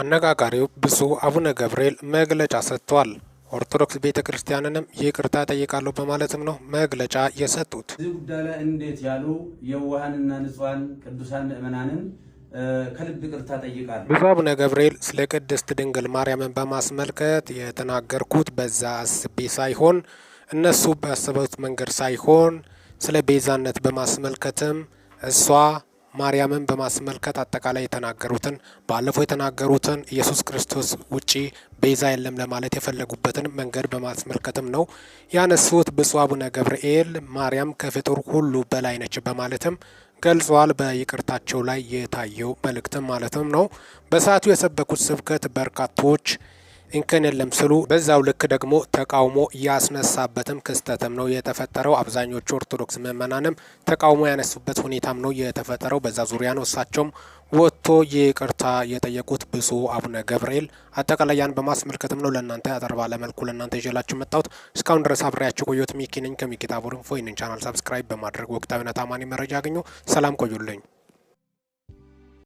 አነጋጋሪው ብፁዕ አቡነ ገብርኤል መግለጫ ሰጥቷል። ኦርቶዶክስ ቤተ ክርስቲያንንም ይቅርታ ጠይቃለሁ በማለትም ነው መግለጫ የሰጡት። እዚህ ጉዳይ ላይ እንዴት ያሉ የዋሃንና ንጹሐን ቅዱሳን ምእመናንን ከልብ ቅርታ ጠይቃለሁ። ብፁዕ አቡነ ገብርኤል ስለ ቅድስት ድንግል ማርያምን በማስመልከት የተናገርኩት በዛ አስቤ ሳይሆን እነሱ ባሰቡት መንገድ ሳይሆን ስለ ቤዛነት በማስመልከትም እሷ ማርያምን በማስመልከት አጠቃላይ የተናገሩትን ባለፈው የተናገሩትን ኢየሱስ ክርስቶስ ውጪ ቤዛ የለም ለማለት የፈለጉበትን መንገድ በማስመልከትም ነው ያነሱት። ብፁዕ አቡነ ገብርኤል ማርያም ከፍጡር ሁሉ በላይ ነች በማለትም ገልጿል። በይቅርታቸው ላይ የታየው መልእክትም ማለትም ነው። በሰዓቱ የሰበኩት ስብከት በርካቶች እንከን የለም ስሉ በዛው ልክ ደግሞ ተቃውሞ ያስነሳበትም ክስተትም ነው የተፈጠረው። አብዛኞቹ ኦርቶዶክስ ምእመናንም ተቃውሞ ያነሱበት ሁኔታም ነው የተፈጠረው። በዛ ዙሪያ ነው እሳቸውም ወጥቶ ይቅርታ የጠየቁት ብፁዕ አቡነ ገብርኤል። አጠቃላይ ያን በማስመልከትም ነው ለእናንተ አጠር ባለ መልኩ ለእናንተ ይዤላችሁ መጣሁት። እስካሁን ድረስ አብሬያችሁ ቆየሁት። ሚኪ ነኝ ከሚኪታቦር ኢንፎ። ይህንን ቻናል ሳብስክራይብ በማድረግ ወቅታዊና ታማኒ መረጃ አገኙ። ሰላም ቆዩልኝ።